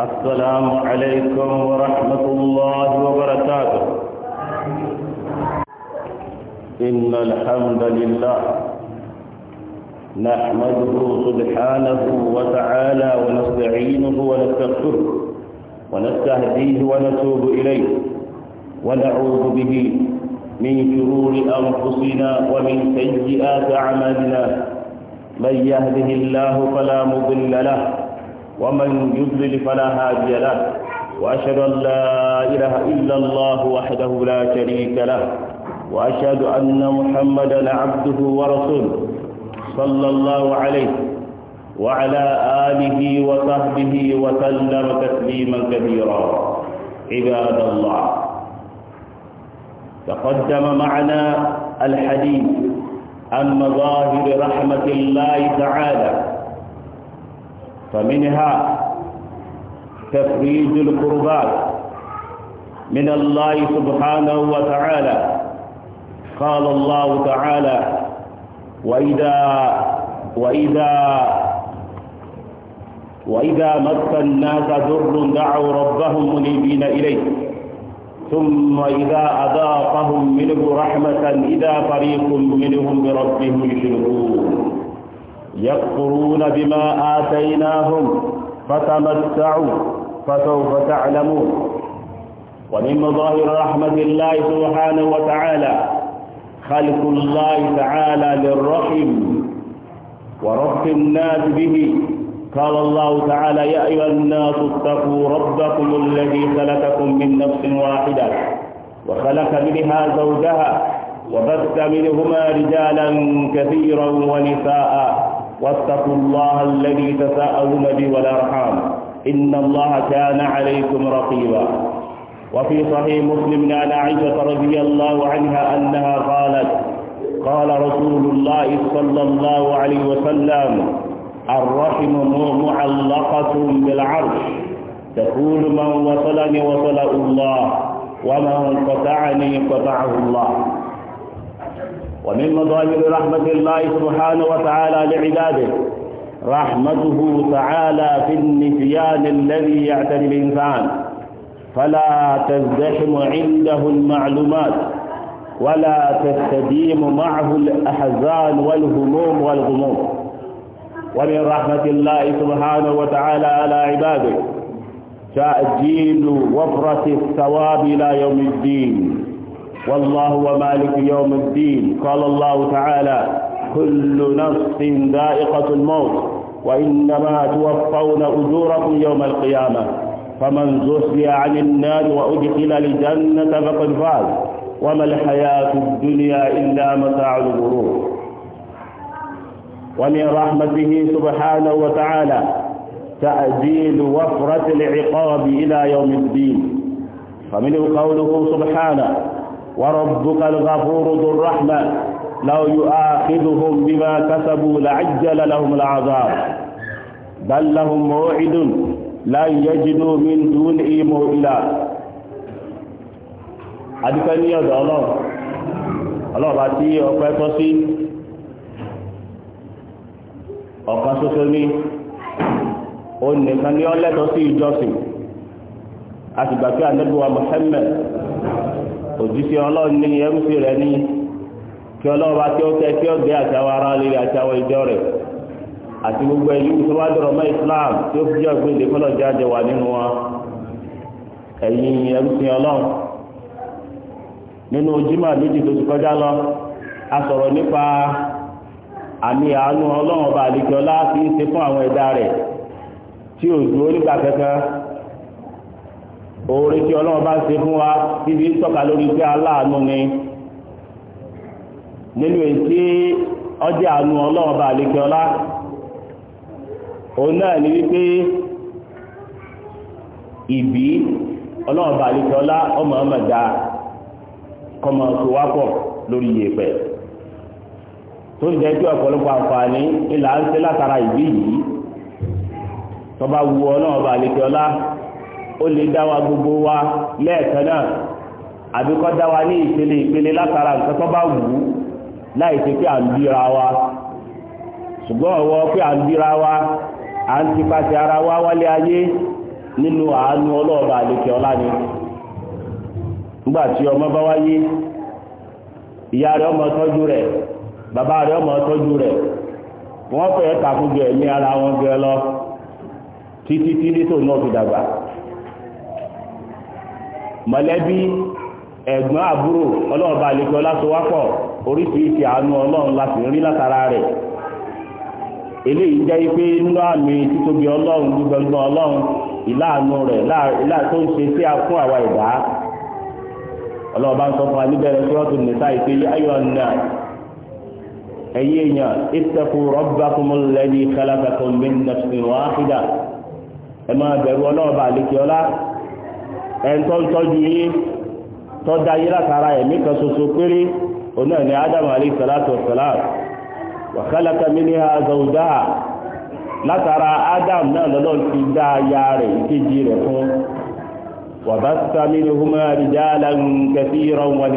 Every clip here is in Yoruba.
السلام عليكم ورحمة الله وبركاته إن الحمد لله نحمده سبحانه وتعالى ونستعينه ونستغفره ونستهديه ونتوب إليه ونعوذ به من شرور أنفسنا ومن سيئات أعمالنا من يهده الله فلا مضل له ومن يضلل فلا هادي له وأشهد أن لا إله إلا الله وحده لا شريك له وأشهد أن محمدا عبده ورسوله صلى الله عليه وعلى آله وصحبه وسلم تسليما كثيرا عباد الله تقدم معنا الحديث عن مظاهر رحمة الله تعالى فمنها تفريج القربات من الله سبحانه وتعالى قال الله تعالى وإذا وإذا وإذا مس الناس ضر دعوا ربهم منيبين إليه ثم إذا أذاقهم منه رحمة إذا فريق منهم بربهم يشركون يكفرون بما آتيناهم فتمتعوا فسوف تعلمون ومن مظاهر رحمة الله سبحانه وتعالى خلق الله تعالى للرحم ورب الناس به قال الله تعالى يا أيها الناس اتقوا ربكم الذي خلقكم من نفس واحدة وخلق منها زوجها وبث منهما رجالا كثيرا ونساء واتقوا الله الذي تساءلون به والارحام ان الله كان عليكم رقيبا وفي صحيح مسلم عن عائشه رضي الله عنها انها قالت قال رسول الله صلى الله عليه وسلم الرحم معلقه بالعرش تقول من وصلني وصله الله ومن قطعني قطعه الله ومن مظاهر رحمة الله سبحانه وتعالى لعباده رحمته تعالى في النسيان الذي يعتني الإنسان فلا تزدحم عنده المعلومات ولا تستديم معه الأحزان والهموم والغموم ومن رحمة الله سبحانه وتعالى على عباده تأجيل وفرة الثواب إلى يوم الدين والله ومالك يوم الدين قال الله تعالى كل نفس ذائقة الموت وإنما توفون أجوركم يوم القيامة فمن زحزح عن النار وأدخل الجنة فقد فاز وما الحياة الدنيا إلا متاع الغرور ومن رحمته سبحانه وتعالى تأجيل وفرة العقاب إلى يوم الدين فمنه قوله سبحانه وربك الغفور ذو الرحمة لو يؤاخذهم بما كسبوا لعجل لهم العذاب بل لهم موعد لن يجدوا من دونه موئلا adúpẹ́ ní ọ̀dọ̀ ọlọ́run ọlọ́run bá tí ọpẹ́ tọ́ sí ọ̀kan ṣoṣo ní òun nìkan ní ọlẹ́tọ̀ sí ìjọsìn àtìgbà pé ànábì wa Muhammad òjíṣẹ́ ọlọ́run ní ẹrúsí rẹ̀ ní kí ọlọ́run bá ó kẹ́ kí ó gbé àtàwọn ará líle ìjọ rẹ̀ àti gbogbo ẹ̀yí tó wá dọ̀rọ̀ mọ́ Islam fi jẹ́ ògbéǹde kọ́lọ̀ jáde wà nínú wọn ẹ̀yin ẹrúsí ọlọ́run nínú jimá méjì tó ti kọjá lọ a sọ̀rọ̀ ọba àlejò ọlá fi ń ṣe fún àwọn ẹ̀dá rẹ̀ tí ò dúró nígbà kankan oore tí ọlọ́run bá se fún wa bíbí ń tọ́ka lórí pé aláàánú ni nínú ètí ọjà àánú ọlọ́run bá lékè ọlá òun náà ni wípé ìbí ọlọ́run bá lékè ọlá ọmọ ọmọ kọmọ tó wá lórí yèèpẹ̀ tó jẹ́ pé ọ̀pọ̀lọpọ̀ àǹfààní ìlà ó lè dá gbogbo wa lẹ́ẹ̀kan náà àbí kó ní ìpele ìpele látara nǹkan tó bá wù ú láì ṣe pé à ń bíra wa ṣùgbọ́n ọ̀wọ́ pé à ń bíra wa à ń tipasẹ̀ ara wa wálé ayé nínú àánú ọlọ́ọ̀bà àlekè ọlá ni nígbà tí ọmọ bá wáyé ìyá rẹ̀ ọmọ tọ́jú rẹ̀ bàbá rẹ̀ ọmọ tọ́jú rẹ̀ wọ́n fẹ́ takùjọ ẹ̀mí ara wọn gẹ lọ títí tí nítòun náà fi dàgbà mọ̀lẹ́bí ẹ̀gbọ́n àbúrò ọlọ́run bá àlejò ọlásowápọ̀ oríṣiríṣi àánú ọlọ́run láti rí látara rẹ̀ eléyìí ìjẹ́ pé nínú àmì títóbi ọlọ́run gbígbẹ́gbọ́n ọlọ́run ìláàánú rẹ̀ ìlà tó ń ṣe sí àwa ìdá ń sọ fún tí wọ́n tún ẹ̀ńtọ́ tọ́jú yín tọ́da yín látara ẹ̀mí kan ṣoṣo péré òun ni na alayhi salatu wa salam wa khalaqa minha zawjaha látara adam náà lọ́lọ́ ti dá aya rẹ̀ ìkejì rẹ̀ fún wa bassa minhuma rijalan kathiran wa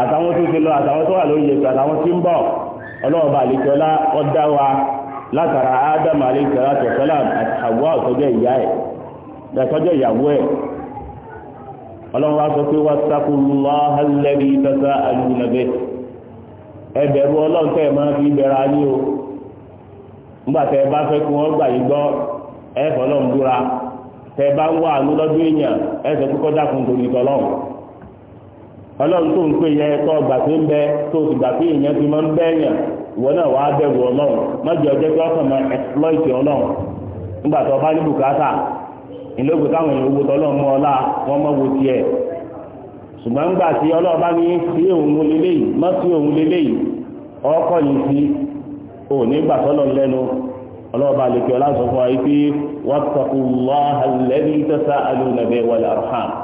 àtàwọn tó ti lọ àtàwọn tó wà lórí ètò àtàwọn tí ń bọ̀ wa látara Adam àlejò tẹ̀sọ́lá àti ọ̀tọ́jọ́ ìyá ẹ̀ tẹ̀sọ́jọ́ ìyàwó ẹ̀ ọlọ́run sọ pé wá sákúlùmọ́ alẹ́bí tọ́sá alùnàbẹ́ ẹbẹ̀rù ọlọ́run tẹ́ máa fi bẹ̀rẹ̀ ayé o nígbà ọlọ́run tó ń pè yẹ ẹ̀kọ́ gbà pé ń bẹ tó ti gbà pé èèyàn ti máa ń bẹ́ yàn ìwọ náà wàá bẹ̀rù ọlọ́run mọ́jọ jẹ́ pé ọkàn máa exploit ọlọ́run nígbà tó ní bùkátà ìlógun táwọn èèyàn tọ́lọ́run ọlá wọn mọ́ wo tiẹ̀ ṣùgbọ́n tí ọlọ́run bá ní sí òun lélẹ́yìí mọ́ sí òun lélẹ́yìí ọkọ̀ yìí sí gbà tọ́lọ́run lẹ́nu lè kí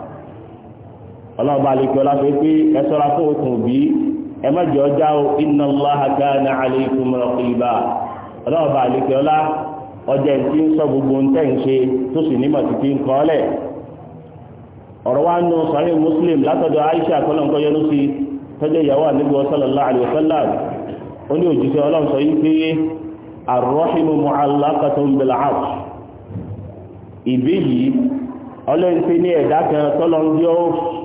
ọlọ́run bá lè kí ọlá fẹ́ pé ẹ sọ́ra fún òkun òbí ẹ má jẹ́ ọjà o inna Allaha kana alaykum raqiba ọlọ́run bá lè kí ọlá ọjà ìtí ń sọ gbogbo ń tẹ̀ ń ṣe tó sì nímọ̀ títí ń kọ́ lẹ̀ ọ̀rọ̀ wa nù sàrí muslim látọ̀dọ̀ Aisha kọ́lọ́nkọ́ yẹnu sí tọ́jú ìyàwó àníbi sallallahu alaihi wasallam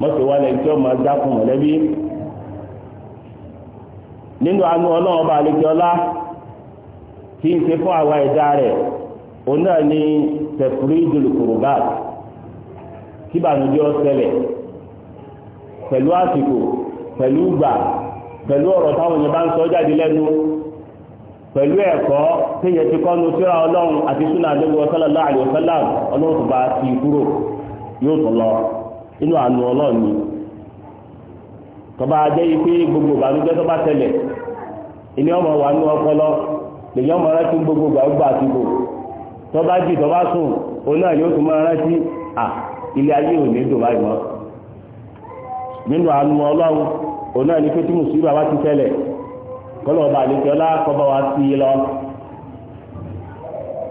mọ́tò wà lẹ́yìn tí ó máa dákun mọ̀lẹ́bí nínú ọlọ́run ọba àlejò ọlá n ń ṣe fún àwa ẹ̀dá rẹ̀ òun náà ni tẹ̀fúrídùl kùrùbát kí bànújẹ́ ó ṣẹlẹ̀ pẹ̀lú àsìkò pẹ̀lú ìgbà pẹ̀lú ọ̀rọ̀ táwọn èèyàn bá ń sọ jáde lẹ́nu pẹ̀lú ẹ̀kọ́ téèyàn ti kọ́ nu síra ọlọ́run àti súnà àdébò sallallahu alaihi wasallam ọlọ́run bá ti kúrò yóò tún lọ. inú àánú ọlọ́run ni tọba ajẹ́ yìí pé gbogbo ìbànújẹ́ tọba tẹlẹ. ilé ọmọ wà nú ọpọlọ lèyìn ọmọ rántí gbogbo tọba jì tọba sùn òun náà yóò tún máa rántí à ilé ayé ò ní dùn báyìí mọ́ nínú àánú ọlọ́run òun náà ni pé mùsùlùmí bàbá ti tẹlẹ̀ kọ́lọ̀ ọba àlejò ọlá wa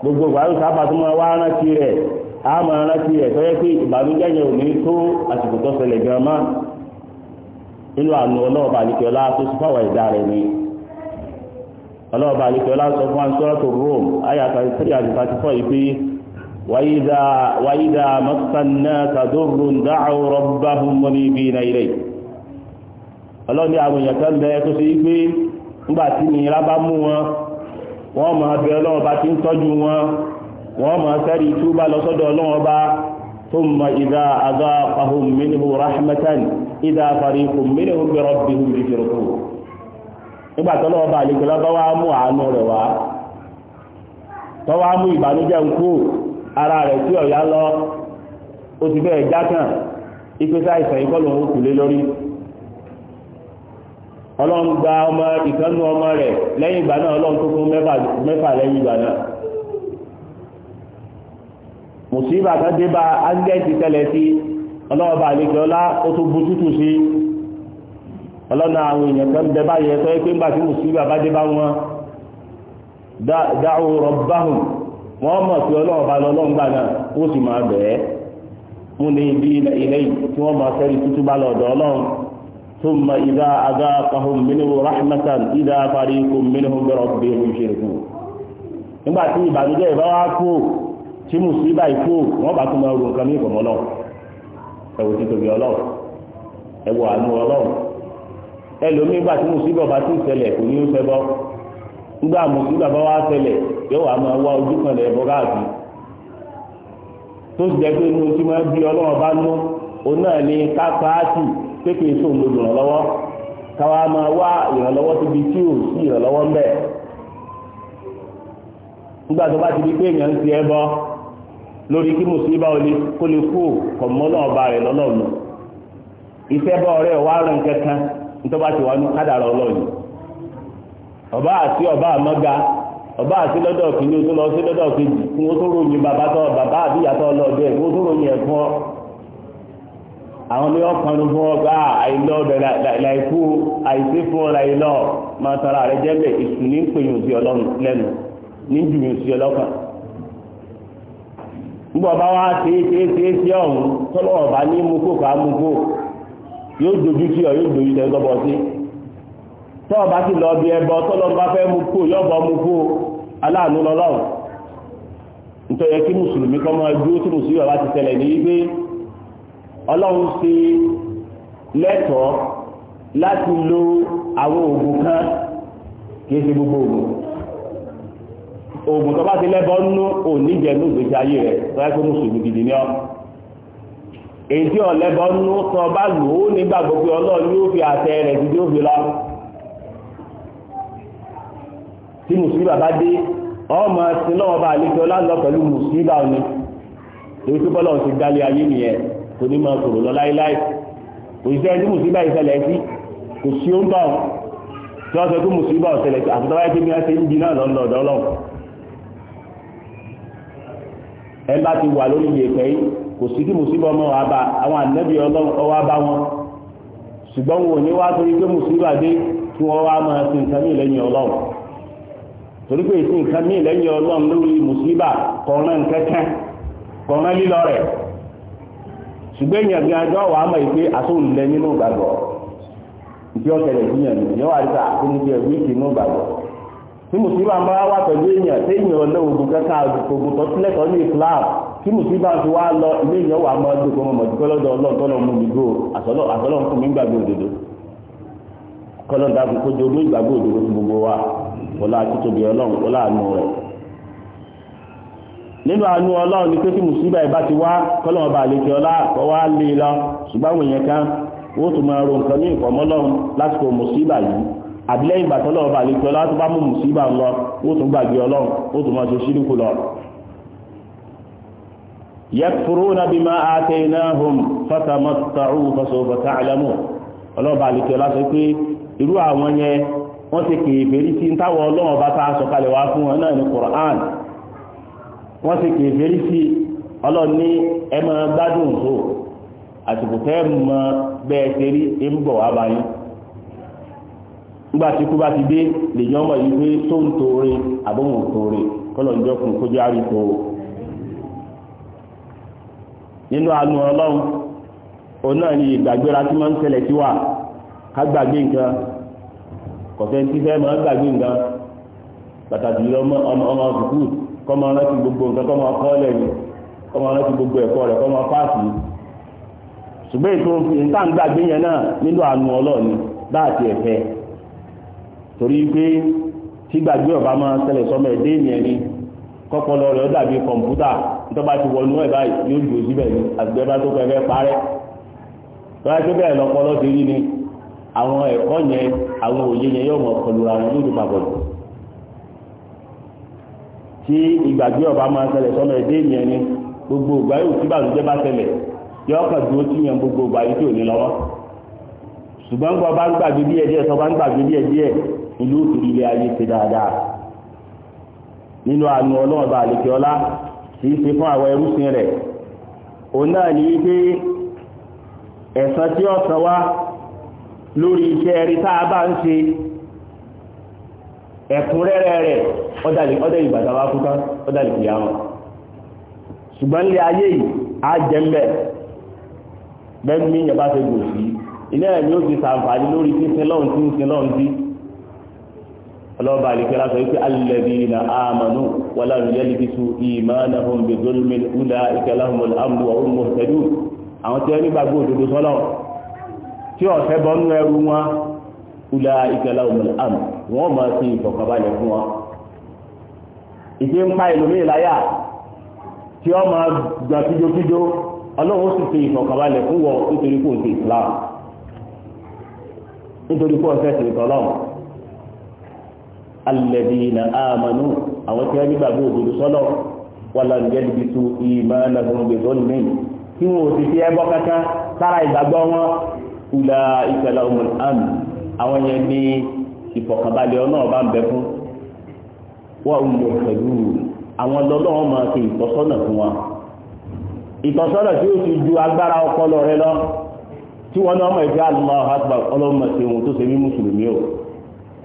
lọ gbogbo sábà tó máa wá rántí a máa rántí rẹ̀ pé ìbànújẹ́ yẹn ò ní tó àsìkò tó ṣẹlẹ̀ gan mọ́ nínú àánú ọlọ́ọ̀bà àlìkẹ́ọ́lá tó sì fáwọn ẹ̀dá rẹ̀ ni ọlọ́ọ̀bà àlìkẹ́ọ́lá sọ fún Rome ayé àtàrí three àti thirty four ìpè wàyídà mọ́sánná kàdúrú dáhùn rọ́bà ní ibi nàìjíríà ọlọ́ọ̀ni àwọn èèyàn kan bẹ tó ṣe pé ńgbà tí bá wọn wọ́n ma sáré túbà lọ́sọ́dọ̀ ọlọ́run ọba ثم إذا أذاقهم منه رحمة إذا فريق منهم بربهم يشركون nígbà tọ́lọ́ ọba àlejòlá bá wá mú àánú rẹ̀ wá tọ́ wá mú ìbànújẹ́ ń kú ara rẹ̀ tí ọ̀yá lọ ó ti bẹ́ẹ̀ ìkọlù kù lé lórí ọlọ́run gba ọmọ ìkànnú ọmọ rẹ̀ lẹ́yìn ìgbà náà ọlọ́run tó fún mẹ́fà lẹ́yìn mùsùlùmí àtàdé bá ángẹ́ẹ̀tì tẹ́lẹ̀ sí ọlọ́ọ̀bà àlejò ọlá ó tún bu tútù sí ọlọ́nà àwọn èèyàn kan bẹ báyẹ sọ pé ńgbà tí mùsùlùmí àbádé bá wọn dáhùn rọ̀báhùn wọ́n mọ̀ sí ọlọ́ọ̀bà lọ́lọ́ngbà náà ó sì máa bẹ̀ẹ́ mú ní ibi ilẹ̀ tí wọ́n máa fẹ́rí tútù bá lọ́dọ̀ ọlọ́run ثم إذا أذاقهم منه رحمة إذا فريق منهم بربهم يشركون nígbà tí ìbànújẹ́ ìbá wá kú tí mùsùlùmí báyìí kú wọn bá tún máa ro nǹkan ní ìkọ̀mọ́ náà ẹ wò títóbi ọlọ́run àánú ọlọ́run ẹlòmíín gbà tí tún kò ní í nígbà wa yóò wá máa wá ojú kan lẹ̀ bọ́ káàkiri tó ti jẹ́ pé inú tí bí bá nú òun náà ní kékeré tó ń káwa máa wá síbi tí ò lórí kí mùsùlùmí bá wọlé kó lè kú kọ̀mọ́nà ọba rẹ̀ lọ́lọ́ọ̀nù ìfẹ́ bá ọ̀rẹ́ wa rìn kankan nítorí bá ti wà ní ọlọ́ọ̀nù ọba àti ọba àmọ́ga ọba àti lọ́dọ̀ kìíní o lọ sí lọ́dọ̀ kejì ròyìn bàbá tó bàbá àbíyàtọ̀ ọlọ́ọ̀dẹ́ ròyìn ẹ̀fọ́ àwọn fún ah, àìsí fún máa tara jẹ́ nígbà bá wá ṣe é ṣe é ṣe é ṣe ọ̀hún tọ́lọ́ ọ̀bá ní mú kó kà á mú kó yóò dojú sí ọ yóò dojú tẹ́lẹ̀ tọ́bọ̀ sí tọ́ ọba sì lọ bí ẹbọ tọ́lọ́ bá fẹ́ mú kó yọ́bọ̀ mú kó aláàánú lọ́lọ́run nítorí kí mùsùlùmí kọ́ máa dúró tí mùsùlùmí ọba ti tẹ̀lẹ̀ ní wípé ọlọ́run ṣe lẹ́tọ̀ọ́ láti lo àwọn oògùn kan kì í ṣe gbogbo oògùn oògùn tó bá ti lẹ́bọ̀ nú òní jẹ̀nú ìgbésí ayé rẹ̀ tó yẹ kó mùsùlùmí gidi ni ọ́ èyí tí ò lẹ́bọ̀ nú tó bá lò ó nígbàgbọ́ pé ọlọ́run yóò fi àtẹ rẹ̀ ti yóò fi lọ tí mùsùlùmí bàbá dé ọmọ ẹsìn lọ́wọ́ bá àlejò lálọ́ pẹ̀lú mùsùlùmí bá òní èyí tó bọ́lọ̀ ti dálé ayé nìyẹn kò ní máa sọ̀rọ̀ lọ láíláí òṣìṣẹ́ ẹni mùsùlùmí bá ìṣẹ̀lẹ̀ sí kò sí ó ń bá wọn tí wọ́n sọ pé mùsùlùmí bá ọ̀ṣẹ̀lẹ̀ àtúntàwáyé tí wọ́n ṣe ń di náà lọ́nà ọ̀dọ́ ọlọ́run ẹ bá ti wà lórí yèèpẹ̀ yìí kò sí kí mùsíbà ọmọ wa bá àwọn ànábì ọlọ́run wá bá wọn ṣùgbọ́n wọn ní wá torí pé mùsíbà dé kí wọ́n wá máa sin nǹkan mí lẹ́yìn ọlọ́run torí pé ìsìn nǹkan mí lẹ́yìn ọlọ́run lórí mùsíbà kọ̀ọ̀rán kẹ́kẹ́ kọ̀ọ̀rán lílọ rẹ̀ ṣùgbọ́n èèyàn gan tí mùsùlùmí àmọ́ wá pẹ̀lú èèyàn tí èèyàn lé ogun kẹta ogun tó sílẹ̀ tó ní Islam tí mùsùlùmí bá ti wá lọ ilé èèyàn wà máa dùn kọ́mọ mọ̀dúkọ́ lọ́dọ̀ ọlọ́ọ̀tọ́lọ́ mú mi gbó àtọ́lọ́ fún mi gbàgbé òdodo kọ́lọ́ dàbí kó jogún ìgbàgbé òdodo fún gbogbo wa ọlá títóbi ọlọ́run ọlá àánú rẹ̀ nínú àánú ọlọ́run ni pé tí mùsùlùmí bá ti wá kọ́lọ́ àdílẹ́yìn ìgbà tọ́lọ́wọ́ bá lè pẹ́ ọlá tó bá mú mùsíbà ń lọ ó tún gbàgbé ọlọ́run ó tún máa ṣe ṣírùkù lọ. yakfuruna bima ataynahum fatamatta'u fasawfa ta'lamun ọlọ́ba lè pẹ́ ọlá sọ pé irú àwọn yẹn wọ́n ti kèfèrí sí táwọn ọlọ́run bá ta sọ̀kalẹ̀ wá fún wọn náà ní Qur'an wọ́n ti kèfèrí sí ọlọ́run ní ẹ gbádùn tó àsìkò tẹ́ mọ bẹ́ẹ̀ ṣe rí ń bọ̀ wá báyìí nígbà tí kú bá ti dé lèyìn ọmọ yìí pé tó ń toore àbọ̀wọ̀n toore kọ́lọ̀ ń jọkùn kójú àrí tó o nínú àánú ọlọ́run òun náà ni ìgbàgbéra tí máa ń ṣẹlẹ̀ sí wa ká gbàgbé nǹkan kọ̀fẹ́ tí fẹ́ máa ń gbàgbé nǹkan pàtàkì ọmọ gbogbo nǹkan kọ́ máa kọ́ lẹ́yìn kọ́ máa rántí gbogbo ẹ̀kọ́ rẹ̀ kọ́ máa fáàsì ṣùgbọ́n ètò ìta ń gbàgbé yẹn náà torí pé tí gbàgbé ọba máa ṣẹlẹ̀ sọmọ ẹ̀dẹ́ ènìyàn ni kọ́pọ̀lọ́ rẹ̀ ó dàbí kọ̀ǹpútà nítorí ti wọnú ẹ̀ báyìí yóò jò síbẹ̀ ni àgbẹ̀bá tó kọ ẹgbẹ́ parẹ́ tọ́lá tó bẹ̀rẹ̀ lọ́pọ̀lọ́ ti rí ni àwọn ẹ̀kọ́ yẹn àwọn òye yẹn yóò mọ̀ kọlu ara wọn lójú papọ̀ jù tí ìgbàgbé ọba máa ṣẹlẹ̀ sọmọ ẹ̀dẹ́ ènìyàn ni gbogbo ìgbà yóò tí bàlùjẹ́ bá ṣẹlẹ̀ yọ ọkàn dúró tí yẹn gbogbo ìgbà ìlú òkèèrè ayé ṣe dáadáa nínú àánú ọlọ́ọ̀bà àlèkè ọlá kì í ṣe fún àwọn ẹrúsìn rẹ̀ òun náà ní wípé ẹ̀san tí ó wá lórí iṣẹ́ rí tá a bá ń ṣe ẹ̀kúnrẹ́rẹ́ rẹ̀ ọdẹ ìgbàdà wá ọdẹ ìpìyà ṣùgbọ́n ilé ayé yìí á jẹ́ mbẹ̀ bẹ́ẹ̀ lori ìyẹn ilé ti ọlọ́ọ̀bá àlèkẹ́ láti wípé alladhina amanu wa lam yalbisu imanahum bi zulmin ulaika lahumul amnu wa hum muhtadun àwọn tí wọ́n nígbàgbọ́ òdodo sọ́lọ́ tí ọ̀fẹ́ bọ́ nú ẹrú wọn ulaika lahumul amnu alladheena amanu àwọn tí wọ́n nígbàgbọ́ òdodo sọ́lọ̀ wala yalbisu imanahum bi dhulmin tí wọn ò sì fi ẹbọ kankan sára ìgbàgbọ́ wọn ulaika lahumul amn àwọn ní ìfọ̀kànbalẹ̀ ọ̀nà ọba ń bẹ tó ṣe ní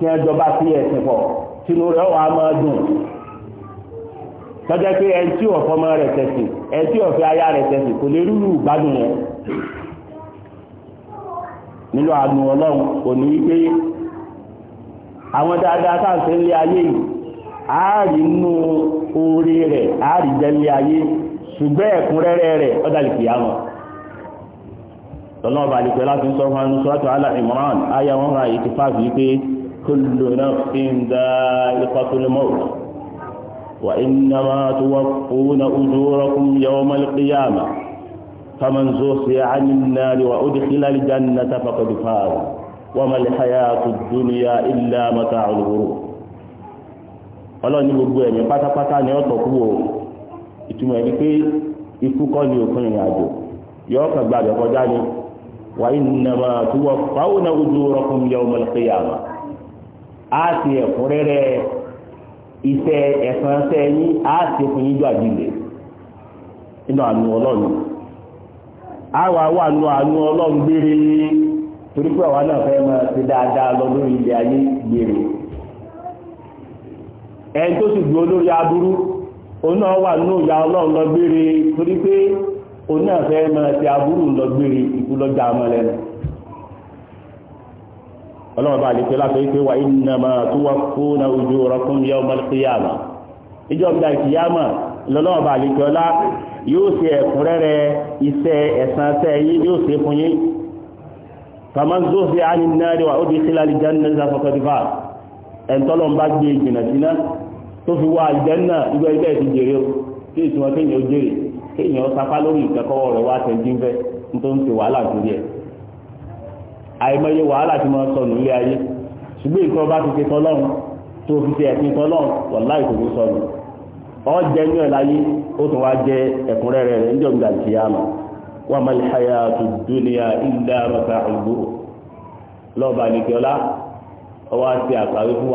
kí ẹ sí ẹ̀sìn pọ̀ tinú wà á máa dùn tọ́jọ́ pé ẹn tí ọ̀fọ́ ọmọ rẹ̀ tẹ̀sì ẹni tí ọ̀fẹ́ rẹ̀ tẹ̀sì kò lè rúlù gbádùn rẹ̀ nínú àánú ọlọ́run kò ní wípé àwọn dáadáa sáǹsẹ̀ ayé yìí àárí nínú oore rẹ̀ àárí ayé ṣùgbọ́n ẹ̀kúnrẹ́rẹ́ kullu nafsin dha'iqatul maut wa innama tuwaffuna ujurakum yawmal qiyamah faman zuhziha 'anil nari wa udkhila al-jannata faqad faza wa ma al-hayatu ad-dunya illa mata'ul ghurur ọlọ́ni gbogbo ẹ̀mí pátápátá ni ọ̀tọ̀ kú o ìtumọ̀ ẹni pé ikú kọ́ ni òfin ìrìn àjò yọ ọkàn gbàgbẹ́ kọjá ni wàá innama tuwaffawna ujurakum yawmal qiyamah a ti ẹ̀kúnrẹ́rẹ́ iṣẹ́ ẹ̀sán enyi a ti fún yín jọ àjíǹde àánú ọlọ́run àwa wà nù àánú ọlọ́run gbére torí pé àwa náà fẹ́ máa ti dáadáa lọ lórí ilẹ̀ ayé gbére ẹni tó sì dúró lórí aburú òun náà wà nù ìyá ọlọ́run lọ gbére torí pé òun náà fẹ́ máa ṣe aburú lọ gbére ìkú lọ́jà ọmọ ọlọ́run bá lè pé láti wípé wà innama tuwaffuna ujurakum yawmal qiyamah ìjọ gbígbà ìkìyàmà lọ́lọ́run bá lè pé ọlá yóò ṣe ẹ̀kúnrẹ́rẹ́ iṣẹ́ ẹ̀san tẹ́ yín yóò ṣe fún yín faman zuhziha 'anil nari wa udkhila al-jannata faqad faz ẹ̀ńtọ́lọ́n bá gbé ìjìnà síná tó fi wá àlùjánnà ìgbà ìgbà ìfi jèrè o kí ìtumọ̀ kéèyàn ó jèrè kéèyàn ó sapá lórí ìkẹ́kọ̀ọ́ rẹ̀ wá tẹ̀ jíńfẹ́ nítorí ti wàhálà torí ẹ̀ àìmọye wàhálà tí mo sọ nílé ayé ṣùgbọ́n nǹkan bá ti ṣe tọ́lọ́run tó fi ṣe ẹ̀sìn tọ́lọ́run wàláì kò ní sọnù ọ jẹ inú ẹ̀ láyé ó tún wá jẹ ẹ̀kúnrẹ́rẹ́ rẹ̀ a mọ̀ wà máa ṣàyà tó dúnìyà ilẹ̀ àrọ̀ta ìgbòho nìkẹ́ọ́lá ọwọ́ àti àkàwé fún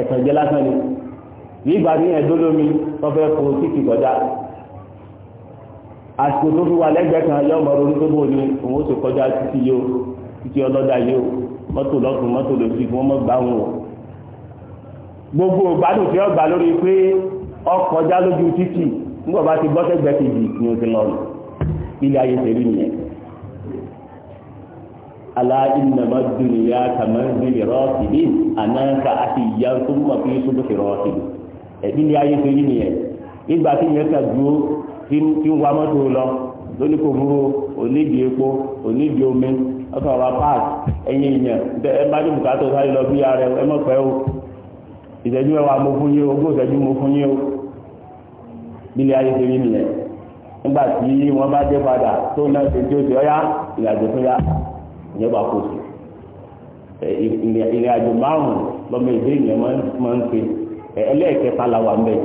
ẹ̀tàn jẹ́ lásán ni bí ìgbà ní ẹ̀dọ́ lómi wọ́n fẹ́ kó títì kọjá àsìkò tó fi wà lẹ́gbẹ̀ẹ́ kan yọ ọmọ orí tó bò ní òun ó sì kọjá títí yóò títí ọlọ́dà yóò mọ́tò lọ́tún mọ́tò lòsì fún ọmọ gbà wọn o gbogbo ìgbádùn tí ó gbà lórí pé ọkọjá lójú títì nígbà bá ti gbọ́sẹ̀gbẹ́ kejì ni ó ti lọ ilé ayé tẹ̀lé nìyẹn ألا إنما الدنيا كمنزل راكب أناك عشيا ثم في صبح راكب ẹbí ni ayé ṣe rí nìyẹn nígbà tí ìyẹn kà dúró tí ń wa mọ́tò lọ lóní kò burú onídìí epo onídìí omi ọkọ̀ ọ̀rọ̀ park ẹ̀yìn ìyẹn ẹ bá ní lọ bí ara mọ̀ pẹ́ o ìṣẹ́jú ẹwà mo fún o ogún fún o bí ni ayé ṣe rí nìyẹn nígbà tí wọ́n bá dé padà tó náà ṣe tí ó ṣe ọ́yá ìrìnàjò ìyẹn bá kó sí ìrìn àjò márùn lọ́mọ ìdí ìyẹn máa ń pe ẹlẹ́ẹ̀kẹta la wà ń bẹ̀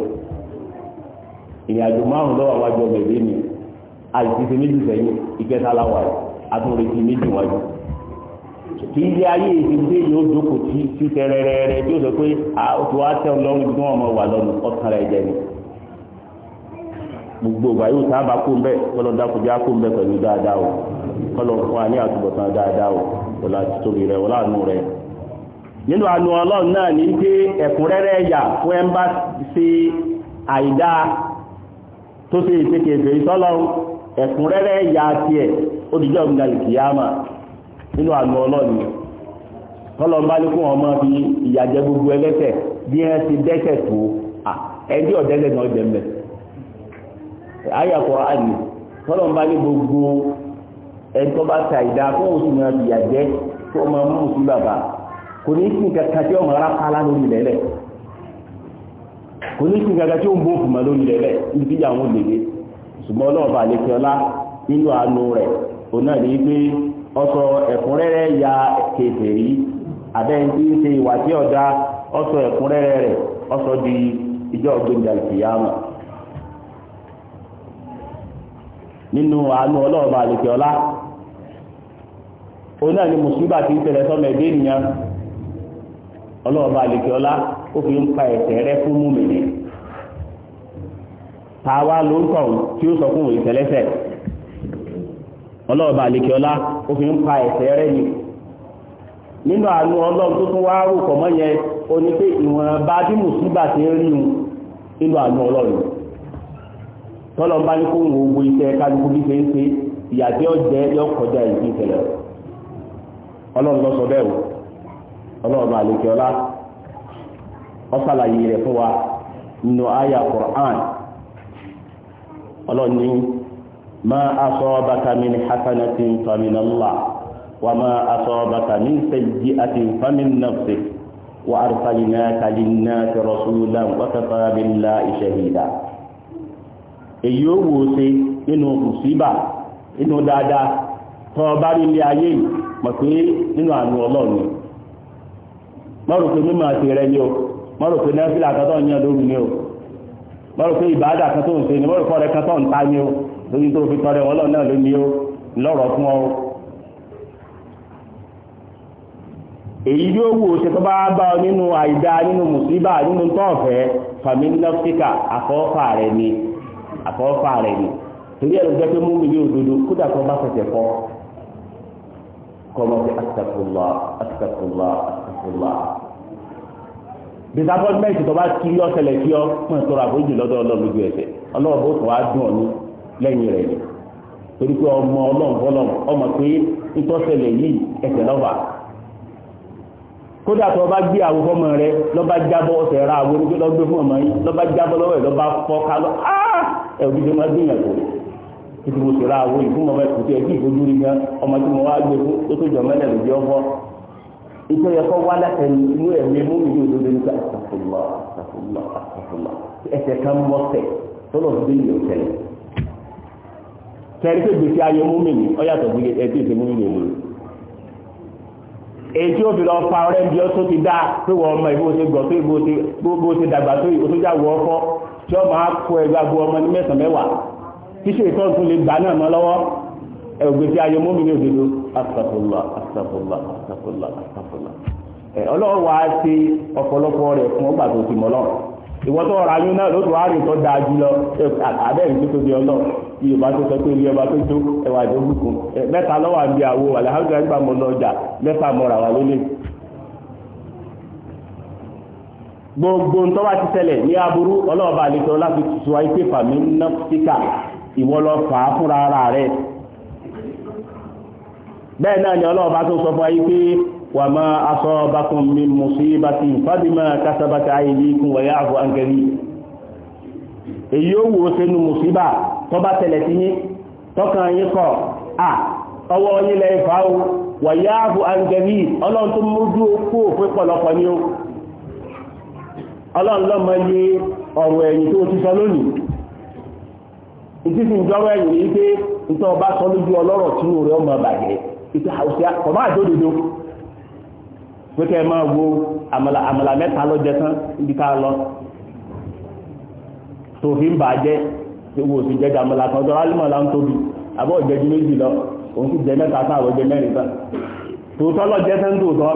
ìrìn àjò márùn lọ́wọ́ àwájọ ọmọ ìdí mi àìsíse méjì sẹ́yìn ìkẹta la wà àtúnrẹ́sì méjì wájú kì í ṣe ayé ìdílé yóò jókòó sí tẹ́rẹ́rẹ́rẹ́ tí ó sọ pé àtúwátẹ́ ọlọ́run tí wọ́n mọ̀ wà lọ́nu ọ̀kan rẹ̀ jẹ́ ni. gbogbo ìgbà yóò sábà kó ń bẹ kọlọ dákúnjá kó ń bẹ pẹ̀lú dáadáa o kọlọ fún wa ní àtúbọ̀tán dáadáa o wọlá títóbi rẹ wọlá àánú rẹ. nínú àánú ọlọ́run náà ní pé ẹ̀kúnrẹ́rẹ́ ẹ̀yà fún ń bá ṣe àìdá tó ṣe ìṣèkè ẹ̀kúnrẹ́rẹ́ ẹ̀yà tiẹ̀ ó nínú àánú ọlọ́run bá ayé Kùránì ni tọ́lọ́n bá ní gbogbo ẹni tó bá ta ìdá fún oṣù náà bìyà jẹ́ tó máa mú bàbá kò ní tí ọmọ ara lórí lẹ́lẹ̀ kò ní kí nǹkan tí ó ń bó òfin mọ́ lórí lẹ́lẹ̀ níbi àwọn ṣùgbọ́n ọlọ́ọ̀bà ọlá nínú àánú rẹ̀ náà ní pé ọsọ ẹ̀kúnrẹ́rẹ́ ya ń ọsọ ẹ̀kúnrẹ́rẹ́ rẹ̀ ọsọ di ìjọ nínú àánú ọlọ́ọ̀bà àlèkè ọlá náà ni mùsùlùmí àti ìtẹ̀lẹ̀ sọ́mọ ẹ̀dẹ́ ènìyàn ọlọ́ọ̀bà àlèkè ọlá ó fi ń pa fún múmìnì tàwa ló ń kọ̀ tí ó sọ fún òun ìtẹ̀lẹ́sẹ̀ ọlọ́ọ̀bà àlèkè ó fi ń pa rẹ ni nínú àánú tó tún wá ní pé ìwọ̀n bá bí tọ́lọ̀ bá ní kó ń wo owó iṣẹ́ kálukú bí ṣe ń ṣe ìyà tí ó jẹ́ yọ kọjá ìdí ìṣẹ̀lẹ̀ ọlọ́run lọ sọ bẹ́ẹ̀ o ọlọ́run àlejò ọlá ọ̀sàlàyé rẹ̀ fún wa nínú àyà Qur'an ọlọ́run ní ma asabaka min hasanatin famin Allah wa ma asabaka min sayyi'atin famin nafsik wa arsalnaka lin-nasi rasulan wa kafa billahi shahida. èyí ó wò ṣe nínú mùsíbà nínú dáadáa tọ́ bá rí ilé ayé yìí nínú àánú ọlọ́run mọ́rò mímọ̀ àti rẹ ni o yan ni o mọ́rò pé kan tó ń ṣe ni mọ́rò ọ̀rẹ́ kan tó ń ta ni o lórí tó fi tọrẹ wọn lọ́nà ló o lọ́rọ̀ fún ọ èyí yóò ṣe tó bá bá ọ nínú àìdá nínú nínú tọ́ọ̀fẹ́ fàmílì rẹ àfọwọ́fà rẹ̀ ni torí ẹ̀rọ jẹ́ pé mi ní òdodo kódà kan bá fẹsẹ̀ kọ́ kọ́mọ sí astaghfirullah astaghfirullah astaghfirullah disappointment tó bá kí yọ kí ọ fún ìtura àforíjì lọ́dọ̀ ọlọ́run lójú ẹsẹ̀ tó wá dùn lẹ́yìn rẹ̀ ni torí pé ọmọ ọmọ pé yìí kódà tó o bá gbé rẹ lọ́ba jábọ́ ọ̀sẹ̀ ẹ̀rù tó máa gbìyànjú títí mo sì ra àwọn ìfún mọ́ ẹ̀kú tí ẹ̀kú ìfojú rí gan ọmọ tí mo wá gbé fún ó tó jọ mẹ́lẹ̀ lójú ọkọ́ iṣẹ́ yẹ kọ́ wá látẹnu inú ẹ̀mí mú mi ní òdodo nípa àtàkùnmọ́ àtàkùnmọ́ àtàkùnmọ́ ẹsẹ̀ kan mọ́ tẹ̀ tọ́lọ̀ tó délé òtẹ́lẹ̀ kẹrin tó gbèsè ayé mú mi ní ọyàtọ̀ gbé ẹtí ìṣe mú mi ní òmùlò èyí tí ó fi lọ fa ọ̀rẹ́ bí ó tó ti dá pé wọ́n ọmọ ìbò ṣe gbọ́ tó ìbò ṣe dàgbà tó ìbò tó já wọ́ fọ́ tí ọ máa kó ẹgbẹ́ agbo ọmọ ní mẹ́sàn mẹ́wàá kí ṣe ìtọ́ tún lè gbà náà mọ́ lọ́wọ́ ẹgbẹ́ tí wa mọ́mí ní òdodo ọ̀pọ̀lọpọ̀ rẹ̀ fún ti mọ́ lọ gbogbo ntọwa bá ti ṣẹlẹ̀ ní aburú ọlọ́ọ̀bá àlejò láti tutù wáyé pé fàmí ná síkà fúnra ara rẹ bẹ́ẹ̀ náà ni ọlọ́ọ̀bá tó sọ fún ayé wà aṣọ mi kásábàtà wa ya'fu an kathir èyí ó wò ó sẹ́nu mùsíbà tó bá ṣẹlẹ̀ sí yín tọ́kàn yín à ọwọ́ yín wà an ọlọ́run tó ó kó òfin ọlọ́ọ̀lọ́mọ iye ọ̀rọ̀ ẹ̀yìn tó ti sọ lónìí ìtí jọwọ́ ẹ̀yìn yìí pé ìtọ́ ọba sọ lójú ọlọ́rọ̀ tí ó rẹ̀ ọmọ bàjẹ́ ìtọ́ àwòsí ọmọ àjọdodo pé máa wo àmàlà mẹ́ta tán ibi ká lọ bàjẹ́ àmàlà kan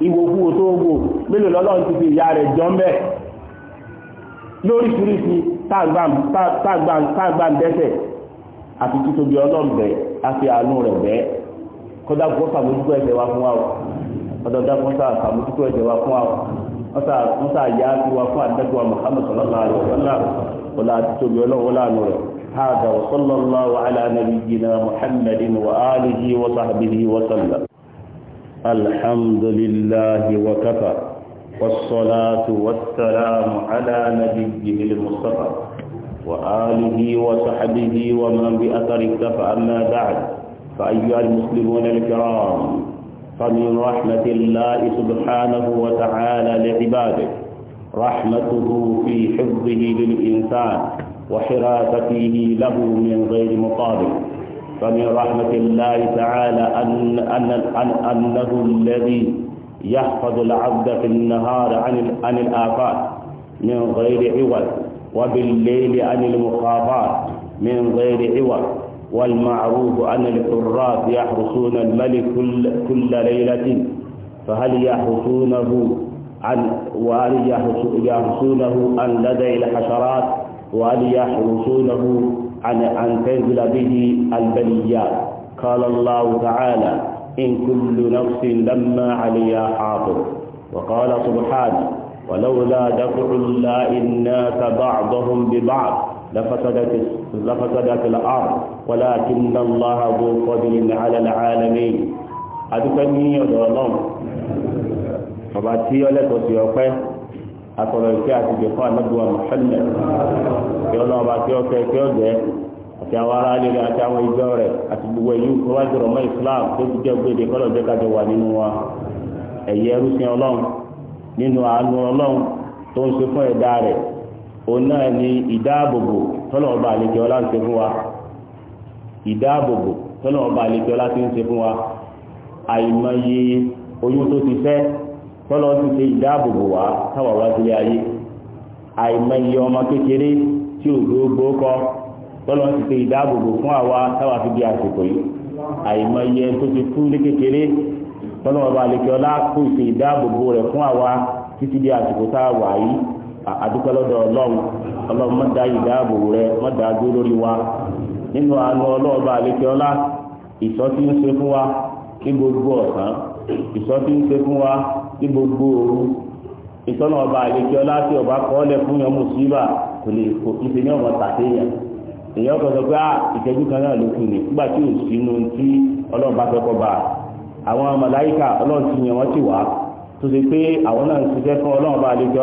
ìwòkú tó wò mélòó lọ́lọ́run ti fi ìyá rẹ̀ jọ mẹ́ lóríṣiríṣi táàgbà ń dẹ́sẹ̀ àti títóbi ọlọ́run bẹ̀ àti àánú rẹ̀ bẹ́ kọ́dá kó sàmójúkọ́ ẹ̀sẹ̀ wa fún wa o ọ̀dọ̀dá kó sàmójúkọ́ ẹ̀sẹ̀ wa fún wa o wọ́n sà yá sí wa هذا وصلى الله على نبينا محمد وآله وصحبه وسلم الحمد لله وكفى والصلاة والسلام على نبيه المصطفى وآله وصحبه ومن بأثر اكتفى أما بعد فأيها المسلمون الكرام فمن رحمة الله سبحانه وتعالى لعباده رحمته في حفظه للإنسان وحراسته له من غير مقابل فمن رحمة الله تعالى أن, أن, أن أنه الذي يحفظ العبد في النهار عن عن الآفات من غير عوض وبالليل عن المخافات من غير عوض والمعروف أن الحراس يحرسون الملك كل, كل ليلة فهل يحرسونه عن وهل يحرسونه عن لدى الحشرات وهل يحرسونه عن أن تنزل به البلية قال الله تعالى إن كل نفس لما عليها حافظ وقال سبحانه ولولا دفع الله الناس بعضهم ببعض لفسدت لفسدت الأرض ولكن الله ذو فضل على العالمين أدفني يا الله ọba tí ọlẹ́tọ̀ọ́ atọ̀rọ̀ ìfẹ́ àti ìgbẹ̀ fún àlẹ́gbọ̀wà mọ̀ṣẹ́lẹ̀ kí ọlọ́run bá kí ọkẹ́ kí ọjẹ́ àti àwọn ará líle àti àwọn ìjọ rẹ̀ àti gbogbo ìlú tó wá jọrọ̀ mọ́ Islam tó ti jẹ́ gbèdé kọ́lọ̀ jẹ́ kájọ wà nínú wa ẹ̀yẹ ẹrúsìn ọlọ́run nínú àánú ọlọ́run tó ń ṣe fún ẹ̀dá rẹ̀ òun náà ni ìdáàbòbò tọ́lọ̀ ọba àlejò ọlá ń ṣe fún wa ìdáàbòbò tọ́lọ̀ ọba àlejò ọlá ti ń ṣe fún wa àìmọye oyún tó ti fẹ́ tọ́lọ́ ti ṣe ìdáàbòbò wá sílé ayé àìmọye ọmọ kékeré tí ò lóògbó kọ́ tọ́lọ́ ti ṣe ìdáàbòbò fún àwa fi àsìkò yìí tó ti ní kékeré ọba ọlá kó ìdáàbòbò rẹ̀ fún àwa títí àsìkò tá a wà yìí àdúpẹ́ lọ́dọ̀ ọlọ́run ọlọ́run mọ́dá ìdáàbòbò rẹ̀ mọ́dá dúró lórí wa nínú àánú ọlọ́ọ̀bá ọlá ìsọ́ ń ṣe fún wa gbogbo ọ̀sán ìsọ́ ń ṣe fún wa ní gbogbo ooru. ìtọ́nà ọba àlejò ọlá tí ọba kọ́ọ́lẹ̀ fún yọmọ síbà kò lè kò kí ní ọmọ tàtẹ́yà èyí ọkọ̀ sọ pé ah, ìtẹ́jú kan náà ló kùnì nígbà tí ò sínú tí ọlọ́run bá fẹ́ kọ́ bá àwọn ọlọ́run ti yàn wọ́n ti wá tó ṣe pé àwọn náà ń ṣiṣẹ́ fún ọlọ́run àlejò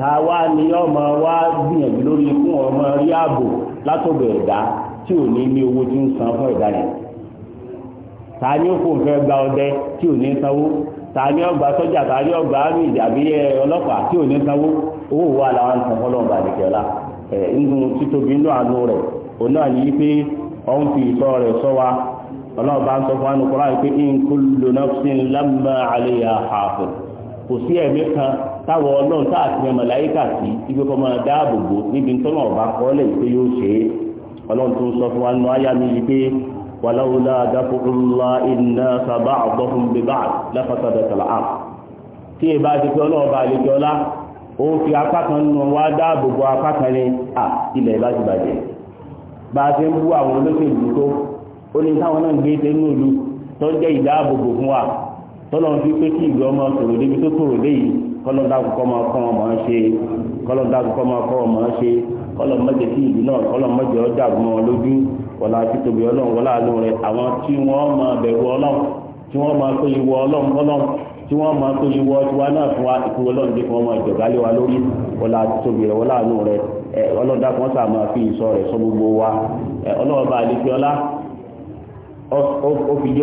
ta ni ní ọmọ wá gbìyànjú lórí fún ọmọ rí ààbò tí ò ní ní owó tí ń san fún ẹ̀dá yẹn ta ni ó gba ọdẹ tí ò ní sanwó ta ni ọgbà sọ́jà ta ni ọgbà àmì tí ò ní sanwó owó wa làwọn ń san nínú títóbi inú àánú òun náà ní pé fi ìtọ́ sọ wa ń sọ fún kò sí ẹ̀mí kan táwọn ọlọ́run tá àti sí ibi kọ́ máa dáàbò bò níbi tó náà bá kọ́ lẹ̀ pé yóò ṣe é ọlọ́run tó ń sọ fún wa nù áyá mi yìí pé wàláwùlá àdáfòkúnlá iná sábà àgbọ̀fún bíbá láfàtàdà tàlà á tí ì bá ti pé ọlọ́run bá a ti ń bú àwọn olóṣèlú tó ó ní táwọn náà gbé tó fún tọ́lọ́ fi pé kí ìgbé ọmọ sòrò débi tó sòrò dé yìí kọ́lọ́ dákú kọ́ máa kọ́ ọmọ ṣe kọ́lọ́ dákú kọ́ máa kọ́ ọmọ ṣe kọ́lọ́ mọ́jẹ kí ìlú náà kọ́lọ́ mọ́jẹ ọjà mọ́ lójú wọ́lá títóbi ọlọ́run wọ́lá àánú rẹ̀ àwọn tí wọ́n máa bẹ̀rù ọlọ́run tí wọ́n máa pé ìwọ ọlọ́run ọlọ́run tí wọ́n máa pé ìwọ tiwa náà fún wa ìkú ọlọ́run dé kí wọ́n máa jọ̀gá lé wa lórí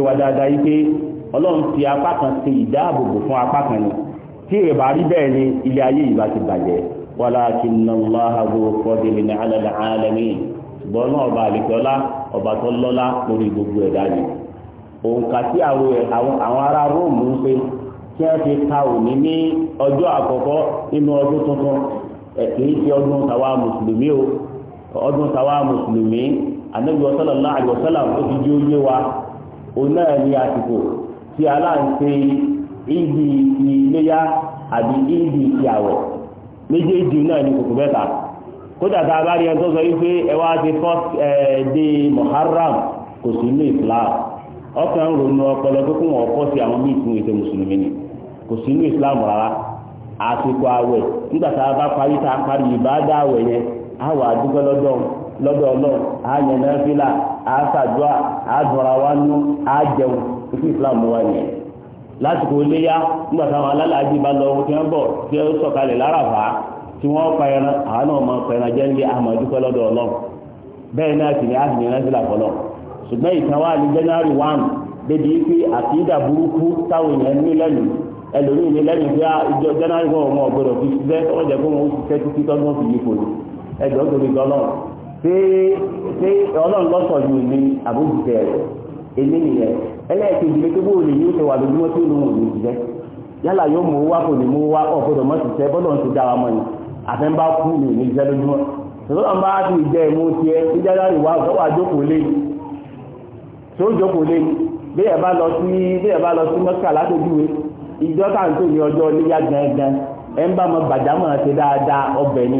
wọ́lá yí pé ọlọ́run ti apá kan ṣe ìdáàbòbò fún apá kan ni tí ìrẹ̀bà rí bẹ́ẹ̀ ni ilé ayé ti bàjẹ́ walakinna Allaha dhu fadlin 'ala al-'alamin ṣùgbọ́n ọba àlìkọ́lá ọba tó lọ́lá lórí gbogbo ẹ̀dá ni òǹkà si àwọn ará róòmù ń pè tí wọ́n ti òní ní ọjọ́ àkọ́kọ́ nínú ọdún tuntun ọdún tàwa mùsùlùmí tí aláǹṣe ìdí ti iléyá àbí ìdí ìyàwó àwẹ̀ méjèèjì náà ní kòkò mẹ́ta kódà tá bá rí ẹni tó sọ wípé ti first day Muharram kò sí ní Islam ọkàn ronú ọpọlọ pé ọkọ sí àwọn míì fún ètò mùsùlùmí ni kò sí ní Islam rárá àsìkò àwẹ̀ nígbà bá parí òfin islam wà nìyẹn lásìkò iléyà nígbà táwọn alálàájì bá lọ ohun tí wọn bọ tí wọn sọ̀kalẹ̀ láràfà tí wọn pa ẹran àánú ọmọ pẹran jẹ nílé amọdúpẹ lọ́dọ̀ Ọlọ́run bẹ́ẹ̀ náà sì ni a sì ní rẹsílà fọlọ ṣùgbọ́n ìtàn wa ní january one débi pé àtìdá burúkú táwọn èèyàn ní lẹ́nu ẹlòmíì ní lẹ́nu pé ah, ìjọ january one ọmọ ọgbọdọ fi ṣiṣẹ́ ọjọ kó wọn ṣiṣẹ́ títí tọdún fi yí kòlù ẹjọ torí Ọlọ́run ṣé Ọlọ́run lọsọ yìí ni àbójútẹ rẹ èmi nìyẹn ẹlẹ́ẹ̀kejì pé kébó òní yóò ṣe wà lójúmọ́ tí òun òní jẹ́ yálà yóò mú wá kò ní mú wá ọ̀gbọ́dọ̀ mọ́ ti tẹ́ bọ́dọ̀ ti dá wa mọ́ ni àfẹ́ ń bá kú ní òní jẹ́ lójúmọ́ tọ́lọ́ ń bá ti jẹ́ ìmú tiẹ̀ tí jáde rè wá ọ̀gbọ́n wà jókòó lé tó jókòó lé bí ẹ bá lọ sí bí ẹ bá lọ sí mọ́kà látòjúwe ìjọ táǹtò ní ọjọ́ níyà gangan ẹ ń bá mọ gbàdámọ̀ ṣe dáadáa ọbẹ̀ ni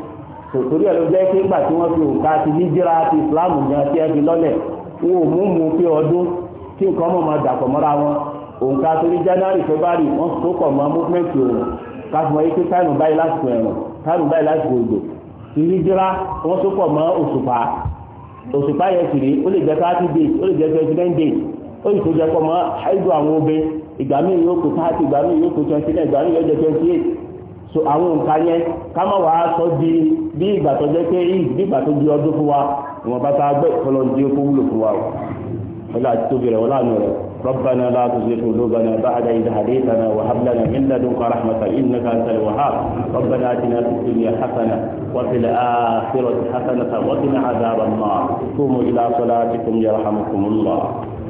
tòtòrí ẹ̀ ló jẹ́ pé nígbà tí wọ́n fi òǹkà ti níjíra ti islam gan tí ẹ fi lọ́lẹ̀ wọn ò mú mú pé ọdún tí nǹkan mọ̀ máa dàpọ̀ mọ́ra wọn òǹkà torí january february wọ́n tó pọ̀ mọ́ movement òòrùn káfíńmọ́ yìí pé táìmù báyìí lásìkò ẹ̀rùn táìmù báyìí lásìkò òjò ti níjíra wọ́n tó pọ̀ mọ́ òṣùpá òṣùpá yẹn sì rí ó lè jẹ́ thirty days ó lè jẹ́ twenty nine days ó lè tó jẹ́ pọ̀ mọ́ àìdù àwọn obìnrin ìgbà míì yóò kó thirty ìgbà míì yóò kó twenty nine ìgbà míì yóò jẹ́ twenty so àwọn nǹkan yẹn ká má wàá sọ di bí ìgbà tó jẹ́ pé yìí bí ìgbà tó di ọdún fún wa ìwọ̀n bá ta gbé ìfọlọ́ di kó wúlò fún wa o wọlé àti tóbi rẹ̀ wọlé àánú rẹ̀ ربنا لا تزغ قلوبنا بعد إذ هديتنا وهب لنا من لدنك رحمة إنك أنت الوهاب ربنا آتنا في الدنيا حسنة وفي الآخرة حسنة وقنا عذاب النار قوموا إلى صلاتكم يرحمكم الله